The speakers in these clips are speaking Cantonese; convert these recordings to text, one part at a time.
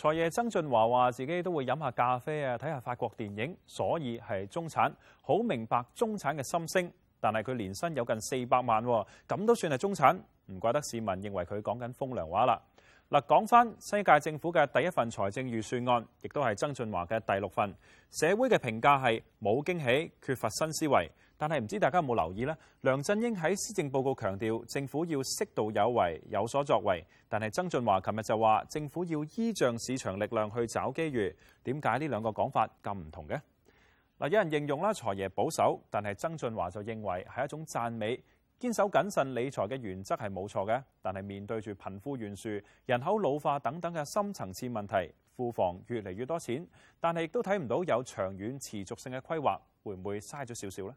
財爺曾俊華話自己都會飲下咖啡啊，睇下法國電影，所以係中產，好明白中產嘅心聲。但係佢年薪有近四百萬，咁都算係中產？唔怪得市民認為佢講緊風涼話啦。嗱，講返新政府嘅第一份財政預算案，亦都係曾俊華嘅第六份，社會嘅評價係冇驚喜，缺乏新思維。但係唔知大家有冇留意呢？梁振英喺施政報告強調政府要適度有為，有所作為。但係曾俊華琴日就話政府要依仗市場力量去找機遇。點解呢兩個講法咁唔同嘅？嗱，有人形容啦，財爺保守，但係曾俊華就認為係一種讚美，堅守謹慎理財嘅原則係冇錯嘅。但係面對住貧富懸殊、人口老化等等嘅深層次問題，庫房越嚟越多錢，但係亦都睇唔到有長遠持續性嘅規劃，會唔會嘥咗少少呢？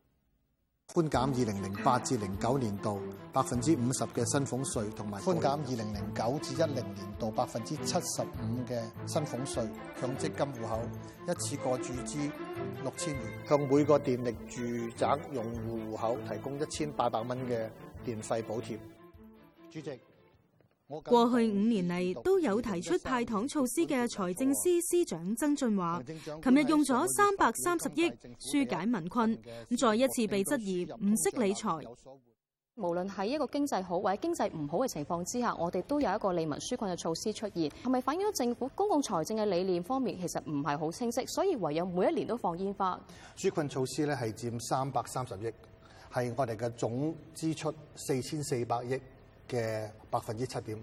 寬減二零零八至零九年度百分之五十嘅薪俸稅，同埋寬減二零零九至一零年度百分之七十五嘅薪俸稅，強積金戶口一次過注資六千元，向每個電力住宅用戶戶口提供一千八百蚊嘅電費補貼。主席。過去五年嚟都有提出派糖措施嘅財政司司長曾俊華，琴日用咗三百三十億紓解民困，咁再一次被質疑唔識理財。無論喺一個經濟好或者經濟唔好嘅情況之下，我哋都有一個利民紓困嘅措施出現，係咪反映咗政府公共財政嘅理念方面其實唔係好清晰？所以唯有每一年都放煙花紓困措施咧，係占三百三十億，係我哋嘅總支出四千四百億。嘅百分之七點五，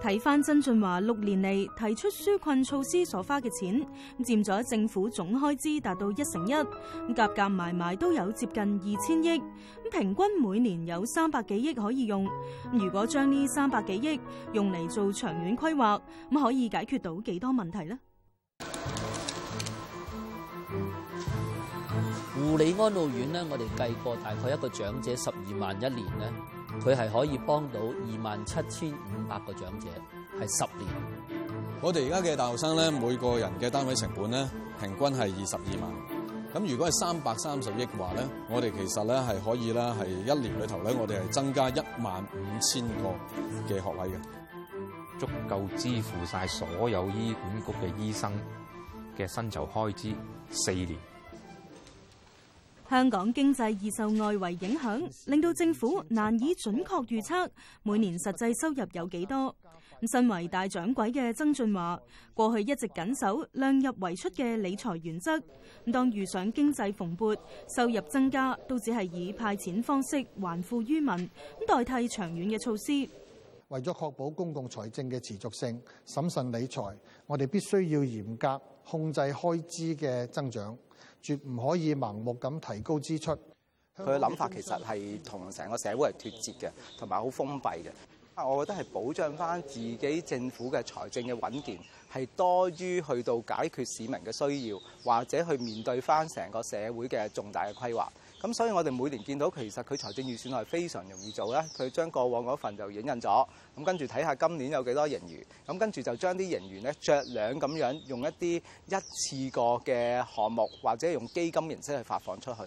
睇翻，曾俊華六年嚟，提出紓困措施所花嘅錢，佔咗政府總開支達到一成一，咁夾夾埋埋都有接近二千億，平均每年有三百幾億可以用。如果將呢三百幾億用嚟做長遠規劃，咁可以解決到幾多問題呢？護理安老院呢，我哋計過大概一個長者十二萬一年咧。佢係可以幫到二萬七千五百個長者，係十年。我哋而家嘅大學生咧，每個人嘅單位成本咧，平均係二十二萬。咁如果係三百三十億嘅話咧，我哋其實咧係可以咧，係一年裏頭咧，我哋係增加一萬五千個嘅學位嘅，足夠支付晒所有醫管局嘅醫生嘅薪酬開支四年。香港經濟易受外圍影響，令到政府難以準確預測每年實際收入有幾多。身為大掌櫃嘅曾俊華，過去一直緊守量入為出嘅理財原則。咁當遇上經濟蓬勃、收入增加，都只係以派錢方式還富於民，代替長遠嘅措施。為咗確保公共財政嘅持續性、審慎理財，我哋必須要嚴格控制開支嘅增長。絕唔可以盲目咁提高支出，佢嘅諗法其實係同成個社會係脫節嘅，同埋好封閉嘅。我覺得係保障翻自己政府嘅財政嘅穩健，係多於去到解決市民嘅需要，或者去面對翻成個社會嘅重大嘅規劃。咁所以，我哋每年見到其實佢財政預算係非常容易做咧。佢將過往嗰份就影印咗，咁跟住睇下今年有幾多盈餘，咁跟住就將啲盈餘咧着兩咁樣用一啲一次過嘅項目或者用基金形式去發放出去。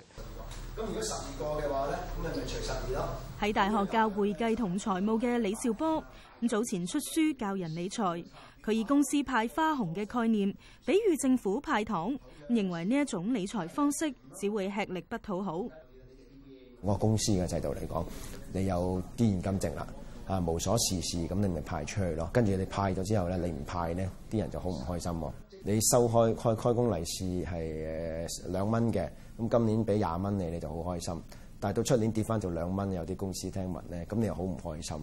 咁如果十二個嘅話咧，咁咪咪除十二咯。喺大學教會計同財務嘅李兆波，咁早前出書教人理財。佢以公司派花紅嘅概念，比喻政府派糖，認為呢一種理財方式只會吃力不討好。我公司嘅制度嚟講，你有啲現金值啦，啊無所事事咁，你咪派出去咯。跟住你派咗之後咧，你唔派咧，啲人就好唔開心。你收開開開工利是係誒兩蚊嘅，咁今年俾廿蚊你，你就好開心。但係到出年跌翻做兩蚊，有啲公司聽聞咧，咁你又好唔開心。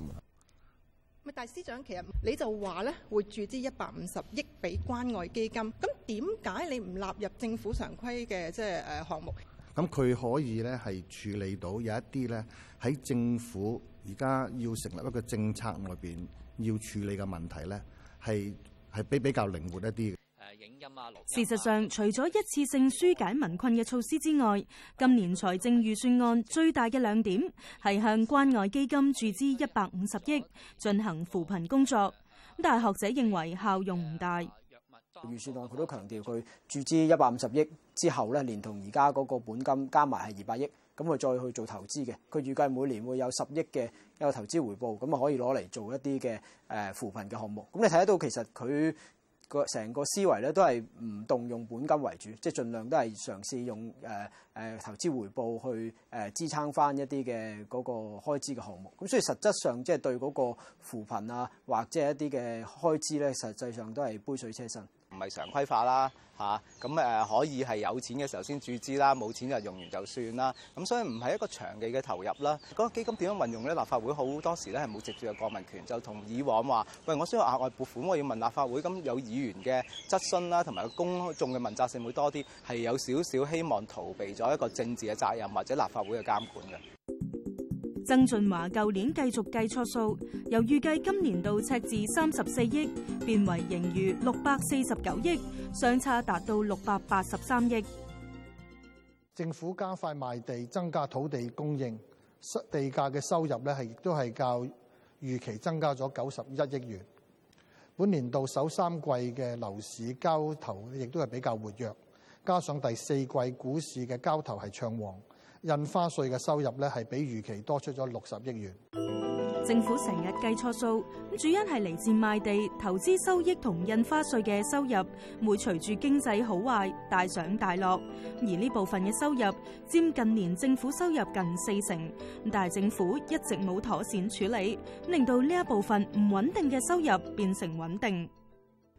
大司長，其實你就話咧，會注資一百五十億俾關愛基金，咁點解你唔納入政府常規嘅即係誒項目？咁佢可以咧係處理到有一啲咧喺政府而家要成立一個政策外邊要處理嘅問題咧，係係比比較靈活一啲。事實上，除咗一次性疏解民困嘅措施之外，今年財政預算案最大嘅亮點係向關愛基金注資一百五十億進行扶貧工作。咁但係學者認為效用唔大。預算案佢都強調佢注資一百五十億之後咧，連同而家嗰個本金加埋係二百億，咁佢再去做投資嘅。佢預計每年會有十億嘅一個投資回報，咁啊可以攞嚟做一啲嘅誒扶貧嘅項目。咁你睇得到其實佢。個成個思維咧都係唔動用本金為主，即係盡量都係嘗試用誒誒、呃呃、投資回報去誒、呃、支撐翻一啲嘅嗰個開支嘅項目。咁所以實質上即係對嗰個扶貧啊，或者一啲嘅開支咧，實際上都係杯水車薪。係常規化啦，嚇咁誒可以係有錢嘅時候先注資啦，冇錢就用完就算啦。咁所以唔係一個長期嘅投入啦。嗰個基金點樣運用咧？立法會好多時咧係冇直接嘅過問權，就同以往話：喂，我需要額外撥款，我要問立法會。咁有議員嘅質詢啦，同埋個公眾嘅問責性會多啲，係有少少希望逃避咗一個政治嘅責任或者立法會嘅監管嘅。曾俊華舊年繼續計錯數，由預計今年度赤字三十四億，變為盈餘六百四十九億，相差達到六百八十三億。政府加快賣地，增加土地供應，地價嘅收入咧係亦都係較預期增加咗九十一億元。本年度首三季嘅樓市交投亦都係比較活躍，加上第四季股市嘅交投係暢旺。印花稅嘅收入咧，係比預期多出咗六十億元。政府成日計錯數，主因係嚟自賣地投資收益同印花稅嘅收入，會隨住經濟好壞大上大落。而呢部分嘅收入佔近年政府收入近四成，但係政府一直冇妥善處理，令到呢一部分唔穩定嘅收入變成穩定。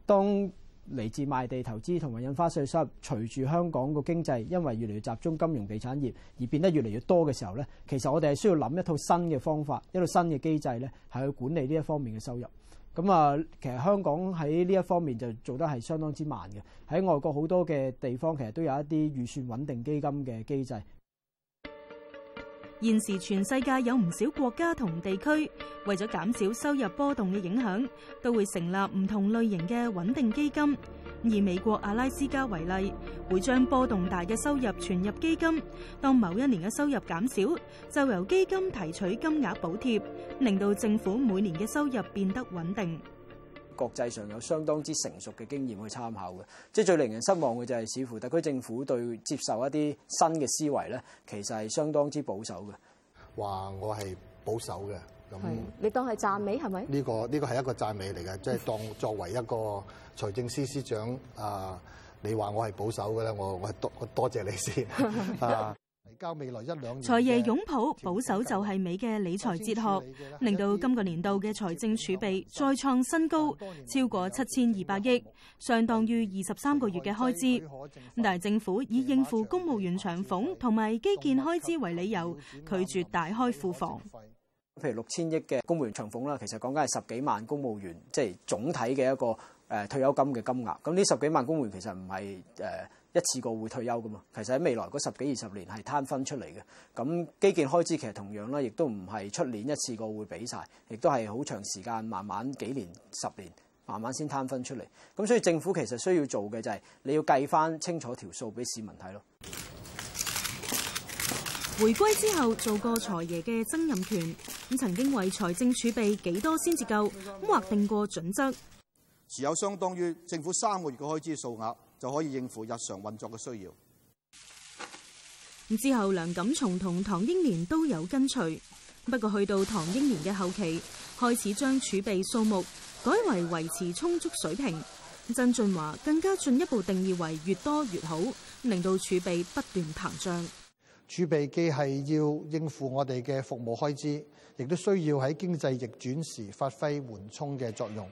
當嚟自賣地投資同埋印花稅收入，隨住香港個經濟因為越嚟越集中金融地產業而變得越嚟越多嘅時候呢，其實我哋係需要諗一套新嘅方法，一套新嘅機制呢，係去管理呢一方面嘅收入。咁啊，其實香港喺呢一方面就做得係相當之慢嘅。喺外國好多嘅地方，其實都有一啲預算穩定基金嘅機制。現時全世界有唔少國家同地區，為咗減少收入波動嘅影響，都會成立唔同類型嘅穩定基金。以美國阿拉斯加為例，會將波動大嘅收入存入基金，當某一年嘅收入減少，就由基金提取金額補貼，令到政府每年嘅收入變得穩定。國際上有相當之成熟嘅經驗去參考嘅，即係最令人失望嘅就係，似乎特區政府對接受一啲新嘅思維咧，其實係相當之保守嘅。話我係保守嘅，咁你當係讚美係咪？呢個呢個係一個讚美嚟嘅，即係當作為一個財政司司長啊，你話我係保守嘅咧，我我多我多謝你先。啊。未來一兩年財爺擁抱保守就係美嘅理財哲學，令到今個年度嘅財政儲備再創新高，超過七千二百億，相當於二十三個月嘅開支。但係政府以應付公務員長俸同埋基建開支為理由，拒絕大開庫房。譬如六千億嘅公務員長俸啦，其實講緊係十幾萬公務員，即係總體嘅一個誒退休金嘅金額。咁呢十幾萬公務員其實唔係誒，呃一次過會退休嘅嘛，其實喺未來嗰十幾二十年係攤分出嚟嘅。咁基建開支其實同樣啦，亦都唔係出年一次過會俾晒，亦都係好長時間，慢慢幾年、十年，慢慢先攤分出嚟。咁所以政府其實需要做嘅就係、是、你要計翻清楚條數俾市民睇咯。回歸之後做過財爺嘅曾蔭權，咁曾經為財政儲備幾多先至夠，咁劃定過準則，持有相當於政府三個月嘅開支數額。就可以應付日常運作嘅需要。之後，梁錦松同唐英年都有跟隨，不過去到唐英年嘅後期，開始將儲備數目改為維持充足水平。曾俊華更加進一步定義為越多越好，令到儲備不斷膨脹。儲備既係要應付我哋嘅服務開支，亦都需要喺經濟逆轉時發揮緩衝嘅作用。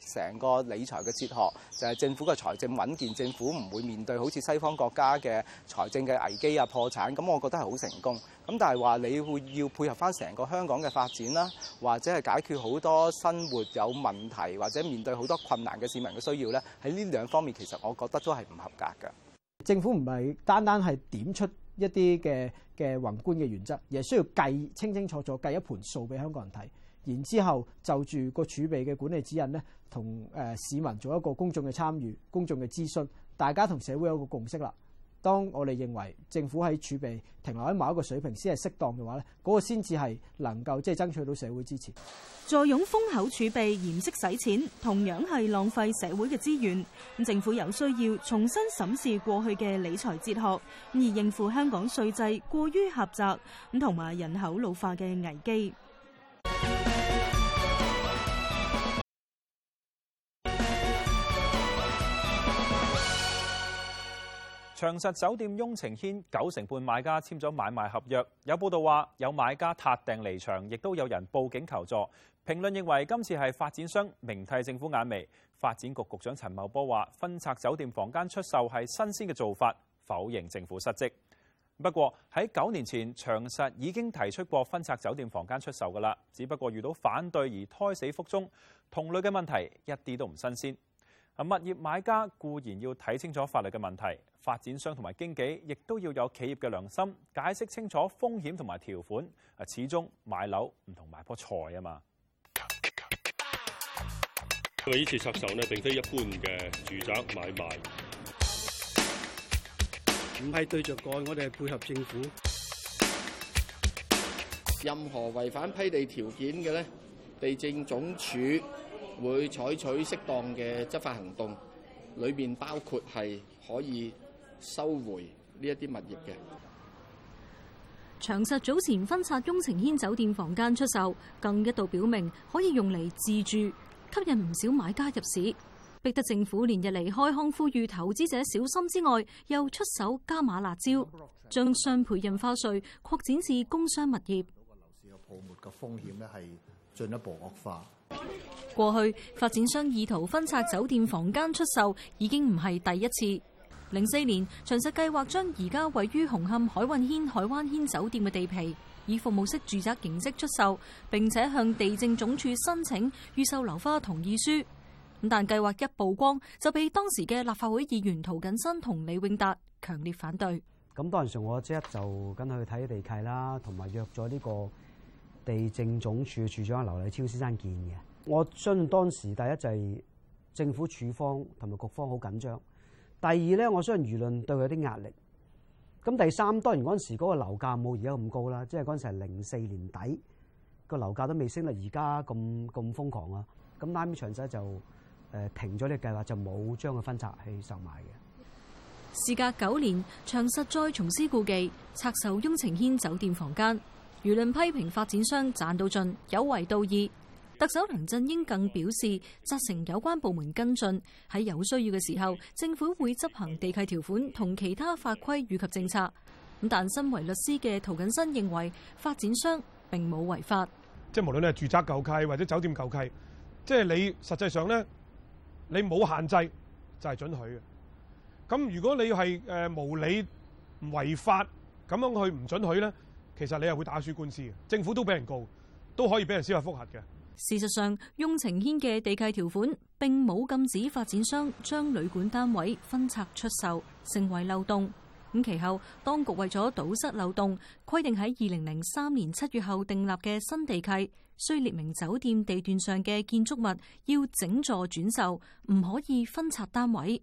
成個理財嘅哲學就係、是、政府嘅財政穩健，政府唔會面對好似西方國家嘅財政嘅危機啊、破產咁，我覺得係好成功。咁但係話你會要配合翻成個香港嘅發展啦，或者係解決好多生活有問題或者面對好多困難嘅市民嘅需要咧，喺呢兩方面其實我覺得都係唔合格嘅。政府唔係單單係點出一啲嘅嘅宏觀嘅原則，而係需要計清清楚楚計一盤數俾香港人睇。然之後就住個儲備嘅管理指引呢，同誒市民做一個公眾嘅參與、公眾嘅諮詢，大家同社會有一個共識啦。當我哋認為政府喺儲備停留喺某一個水平先係適當嘅話呢嗰、嗰個先至係能夠即係爭取到社會支持。坐擁封口儲備掩飾使錢，同樣係浪費社會嘅資源。咁政府有需要重新審視過去嘅理財哲學，而應付香港稅制過於狹窄，咁同埋人口老化嘅危機。長實酒店雍澄軒九成半買家簽咗買賣合約，有報道話有買家踏訂離場，亦都有人報警求助。評論認為今次係發展商明剃政府眼眉。發展局局長陳茂波話分拆酒店房間出售係新鮮嘅做法，否認政府失職。不過喺九年前，長實已經提出過分拆酒店房間出售㗎喇，只不過遇到反對而胎死腹中。同類嘅問題一啲都唔新鮮。物業買家固然要睇清楚法律嘅問題，發展商同埋經紀亦都要有企業嘅良心，解釋清楚風險同埋條款。啊，始終買樓唔同埋樖菜啊嘛。佢呢次拆售呢，並非一般嘅住宅買賣，唔係對着幹，我哋係配合政府。任何違反批地條件嘅咧，地政總署會採取適當嘅執法行動，裏面包括係可以收回呢一啲物業嘅。長實早前分拆雍澄軒酒店房間出售，更一度表明可以用嚟自住，吸引唔少買家入市，逼得政府連日嚟開腔呼籲投資者小心之外，又出手加碼辣椒，將雙倍印花稅擴展至工商物業。樓市嘅泡沫嘅風險咧，係進一步惡化。過去發展商意圖分拆酒店房間出售已經唔係第一次。零四年，長實計劃將而家位於紅磡海運軒、海灣軒酒店嘅地皮以服務式住宅形式出售，並且向地政總署申請預售樓花同意書。咁但計劃一曝光，就被當時嘅立法會議員塗謹申同李永達強烈反對。咁當時我即刻就跟去睇地契啦，同埋約咗呢個地政總署嘅署長劉禮超先生見嘅。我相信當時第一就係政府處方同埋局方好緊張，第二咧，我相信輿論對佢有啲壓力。咁第三，當然嗰陣時嗰個樓價冇而家咁高啦，即係嗰陣時係零四年底個樓價都未升到而家咁咁瘋狂啊。咁拉米長實就誒停咗呢個計劃，就冇將佢分拆去售賣嘅。事隔九年，長實再重施故技拆售雍澄軒酒店房間，輿論批評發展商賺到盡，有違道義。特首梁振英更表示，責成有關部門跟進，喺有需要嘅時候，政府會執行地契條款同其他法規以及政策。咁但身為律師嘅涂謹申認為，發展商並冇違法，即係無論你係住宅舊契或者酒店舊契，即係你實際上咧，你冇限制就係准許嘅。咁如果你係誒無理違法咁樣去唔准許咧，其實你係會打輸官司嘅。政府都俾人告，都可以俾人司法複核嘅。事實上，雍澄軒嘅地契條款並冇禁止發展商將旅館單位分拆出售，成為漏洞。咁其後，當局為咗堵塞漏洞，規定喺二零零三年七月後訂立嘅新地契，需列明酒店地段上嘅建築物要整座轉售，唔可以分拆單位。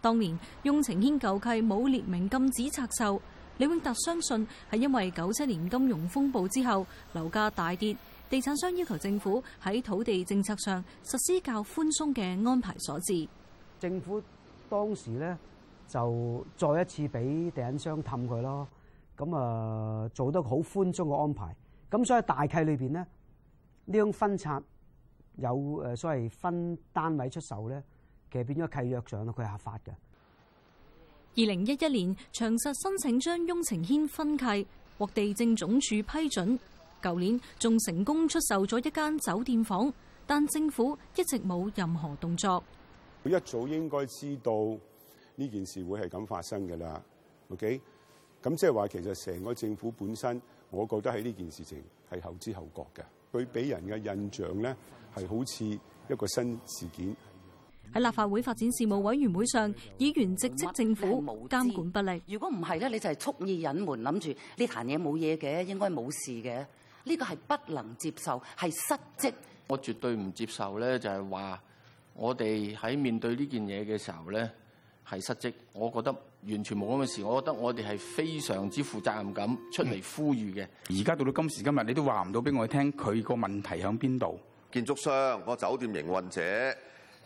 當年雍澄軒舊契冇列明禁止拆售，李永達相信係因為九七年金融風暴之後樓價大跌。地產商要求政府喺土地政策上實施較寬鬆嘅安排所致。政府當時咧就再一次俾地產商氹佢咯，咁啊做得好寬鬆嘅安排。咁所以大契裏邊呢，呢種分拆有誒所謂分單位出售咧，其實變咗契約上咯，佢係合法嘅。二零一一年長實申請將雍澄軒分契，獲地政總署批准。舊年仲成功出售咗一間酒店房，但政府一直冇任何動作。佢一早應該知道呢件事會係咁發生噶啦。OK，咁即係話其實成個政府本身，我覺得喺呢件事情係後知後覺嘅。佢俾人嘅印象咧，係好似一個新事件。喺立法會發展事務委員會上，議員直斥政府監管不力。如果唔係咧，你就係蓄意隱瞞，諗住呢壇嘢冇嘢嘅，應該冇事嘅。呢個係不能接受，係失職。我絕對唔接受咧，就係話我哋喺面對呢件嘢嘅時候咧，係失職。我覺得完全冇咁嘅事。我覺得我哋係非常之負責任咁出嚟呼籲嘅。而家、嗯、到到今時今日，你都話唔到俾我聽佢個問題響邊度？建築商，個酒店營運者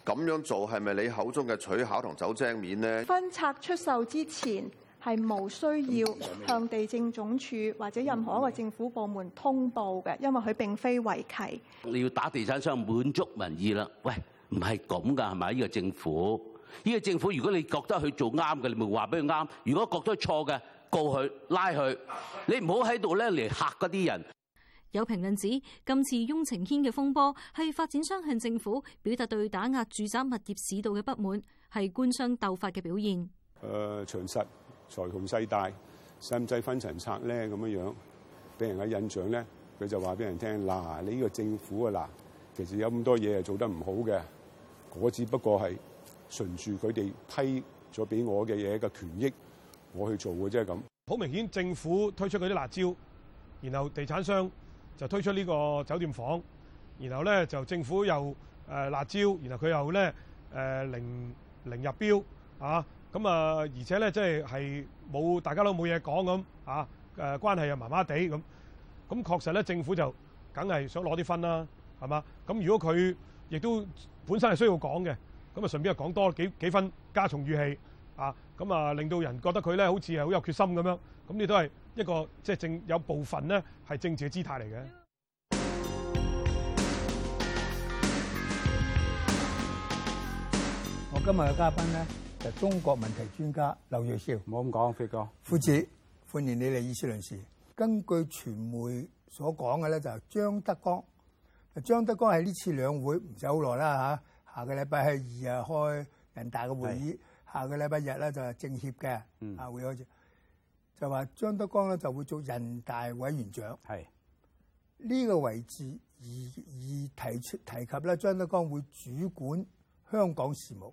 咁樣做係咪你口中嘅取巧同走精面咧？分拆出售之前。係冇需要向地政總署或者任何一個政府部門通報嘅，因為佢並非違契。你要打地產商滿足民意啦！喂，唔係咁㗎係咪？呢個政府，呢個政府，如果你覺得佢做啱嘅，你咪話俾佢啱；如果覺得錯嘅，告佢拉佢。你唔好喺度咧嚟嚇嗰啲人。有評論指，今次雍澄軒嘅風波係發展商向政府表達對打壓住宅物業市道嘅不滿，係官商鬥法嘅表現。誒、呃，詳實。財雄勢大，使唔使分層拆咧？咁樣樣，俾人嘅印象咧，佢就話俾人聽：嗱、啊，你呢個政府啊，嗱，其實有咁多嘢係做得唔好嘅，我只不過係順住佢哋批咗俾我嘅嘢嘅權益，我去做嘅啫咁。好、就是、明顯，政府推出佢啲辣招，然後地產商就推出呢個酒店房，然後咧就政府又誒、呃、辣招，然後佢又咧誒、呃、零零入標啊！咁啊，而且咧，即係係冇大家都冇嘢講，咁啊，誒、啊、關係又麻麻地咁，咁、啊、確實咧，政府就梗係想攞啲分啦，啊，係嘛？咁如果佢亦都本身係需要講嘅，咁啊順便又講多幾幾分加重語氣啊，咁啊令到人覺得佢咧好似係好有決心咁樣。咁你都係一個，即、就、係、是、政有部分咧係政治嘅姿態嚟嘅。我今日嘅嘉賓咧。就中國問題專家劉銳紹，唔好咁講，飛哥，夫子歡迎你嚟《議事論事》。根據傳媒所講嘅咧，就張德江，張德江喺呢次兩會唔使好耐啦嚇，下個禮拜係二啊開人大嘅會議，是下個禮拜日咧就係政協嘅啊、嗯、會開始，就話張德江咧就會做人大委員長，係呢是個位置而而提出提及咧，張德江會主管香港事務。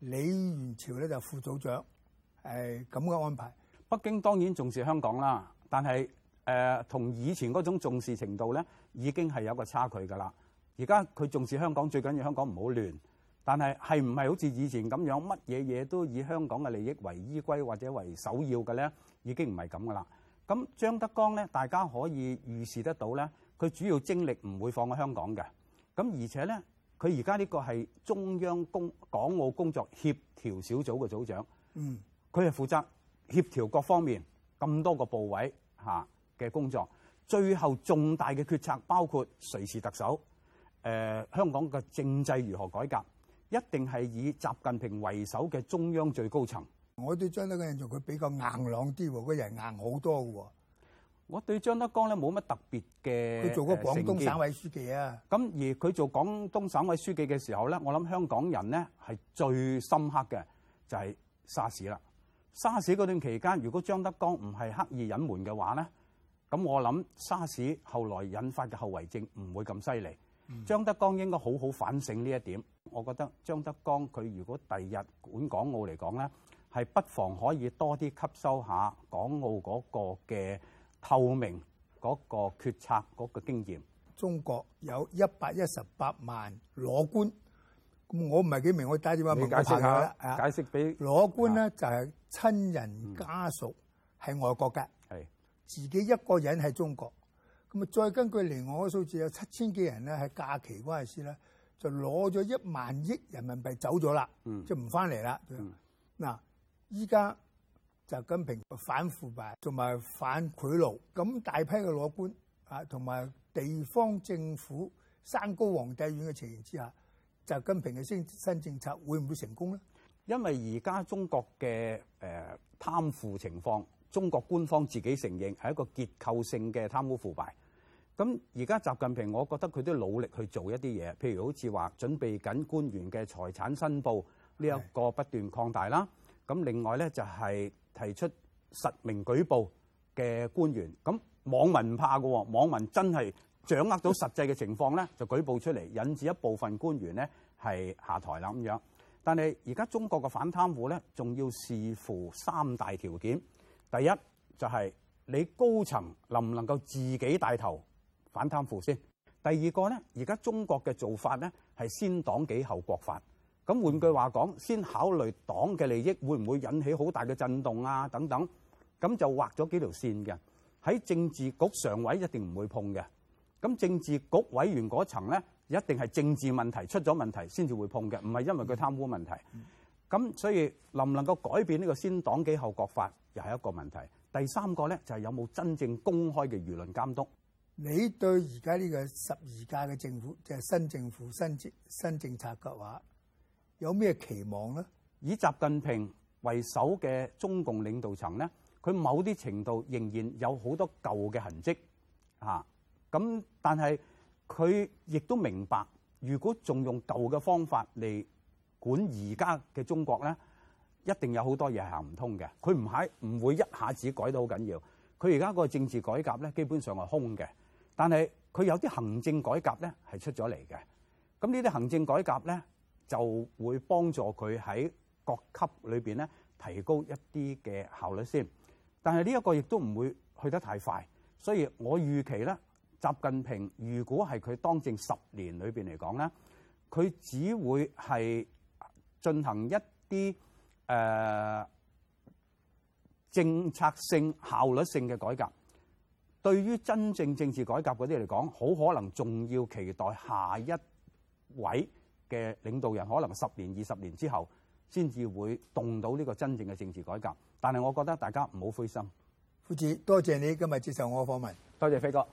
李源潮咧就副組長，誒咁嘅安排。北京當然重視香港啦，但係誒同以前嗰種重視程度咧，已經係有個差距㗎啦。而家佢重視香港，最緊要香港唔好亂，但係係唔係好似以前咁樣乜嘢嘢都以香港嘅利益為依歸或者為首要嘅咧？已經唔係咁㗎啦。咁張德江咧，大家可以預視得到咧，佢主要精力唔會放喺香港嘅。咁而且咧。佢而家呢個係中央工港澳工作協調小組嘅組長，佢係、嗯、負責協調各方面咁多個部委下嘅工作。最後重大嘅決策包括誰是特首，呃、香港嘅政制如何改革，一定係以習近平為首嘅中央最高層。我對張德江個人做佢比較硬朗啲，個人硬好多嘅。我對張德江咧冇乜特別嘅。佢做過廣東省委書記啊。咁而佢做廣東省委書記嘅時候咧，我諗香港人咧係最深刻嘅就係沙士啦。沙士嗰段期間，如果張德江唔係刻意隱瞞嘅話咧，咁我諗沙士後來引發嘅後遺症唔會咁犀利。嗯、張德江應該好好反省呢一點。我覺得張德江佢如果第日管港澳嚟講咧，係不妨可以多啲吸收下港澳嗰個嘅透明嗰個決策嗰個經驗，中國有一百一十八萬裸官，咁我唔係幾明，我打電話解釋下，你解釋下啦，解釋俾裸官咧就係親人家屬係外國嘅，係、嗯、自己一個人喺中國，咁啊再根據嚟我嘅數字有七千幾人咧喺假期嗰陣時咧就攞咗一萬億人民幣走咗啦，嗯、就唔翻嚟啦，嗱，依家。嗯習近平反腐敗同埋反賄賂，咁大批嘅裸官啊，同埋地方政府山高皇帝遠嘅情形之下，習近平嘅新新政策會唔會成功咧？因為而家中國嘅誒貪腐情況，中國官方自己承認係一個結構性嘅貪污腐敗，咁而家習近平，我覺得佢都努力去做一啲嘢，譬如好似話準備緊官員嘅財產申報呢一、這個不斷擴大啦。咁是另外咧就係、是。提出實名舉報嘅官員，咁網民唔怕嘅喎，網民真係掌握到實際嘅情況呢，就舉報出嚟，引致一部分官員呢係下台啦咁樣。但係而家中國嘅反貪腐呢，仲要視乎三大條件。第一就係你高層能唔能夠自己帶頭反貪腐先。第二個呢，而家中國嘅做法呢，係先黨紀後國法。咁換句話講，先考慮黨嘅利益會唔會引起好大嘅震動啊？等等，咁就劃咗幾條線嘅，喺政治局常委一定唔會碰嘅。咁政治局委員嗰層咧，一定係政治問題出咗問題先至會碰嘅，唔係因為佢貪污問題。咁所以能唔能夠改變呢個先黨紀後國法，又係一個問題。第三個咧，就係有冇真正公開嘅輿論監督。你對而家呢個十二屆嘅政府，即係新政府新政新政策嘅話？有咩期望咧？以習近平為首嘅中共領導層咧，佢某啲程度仍然有好多舊嘅痕跡啊。咁但係佢亦都明白，如果仲用舊嘅方法嚟管而家嘅中國咧，一定有好多嘢行唔通嘅。佢唔係唔會一下子改到好緊要。佢而家個政治改革咧，基本上係空嘅。但係佢有啲行政改革咧係出咗嚟嘅。咁呢啲行政改革咧，就會幫助佢喺各級裏邊咧提高一啲嘅效率先。但係呢一個亦都唔會去得太快，所以我預期咧，習近平如果係佢當政十年裏邊嚟講咧，佢只會係進行一啲誒、呃、政策性效率性嘅改革。對於真正政治改革嗰啲嚟講，好可能仲要期待下一位。嘅領導人可能十年二十年之後先至會動到呢個真正嘅政治改革，但係我覺得大家唔好灰心。夫子，多謝你今日接受我嘅訪問。多謝飛哥。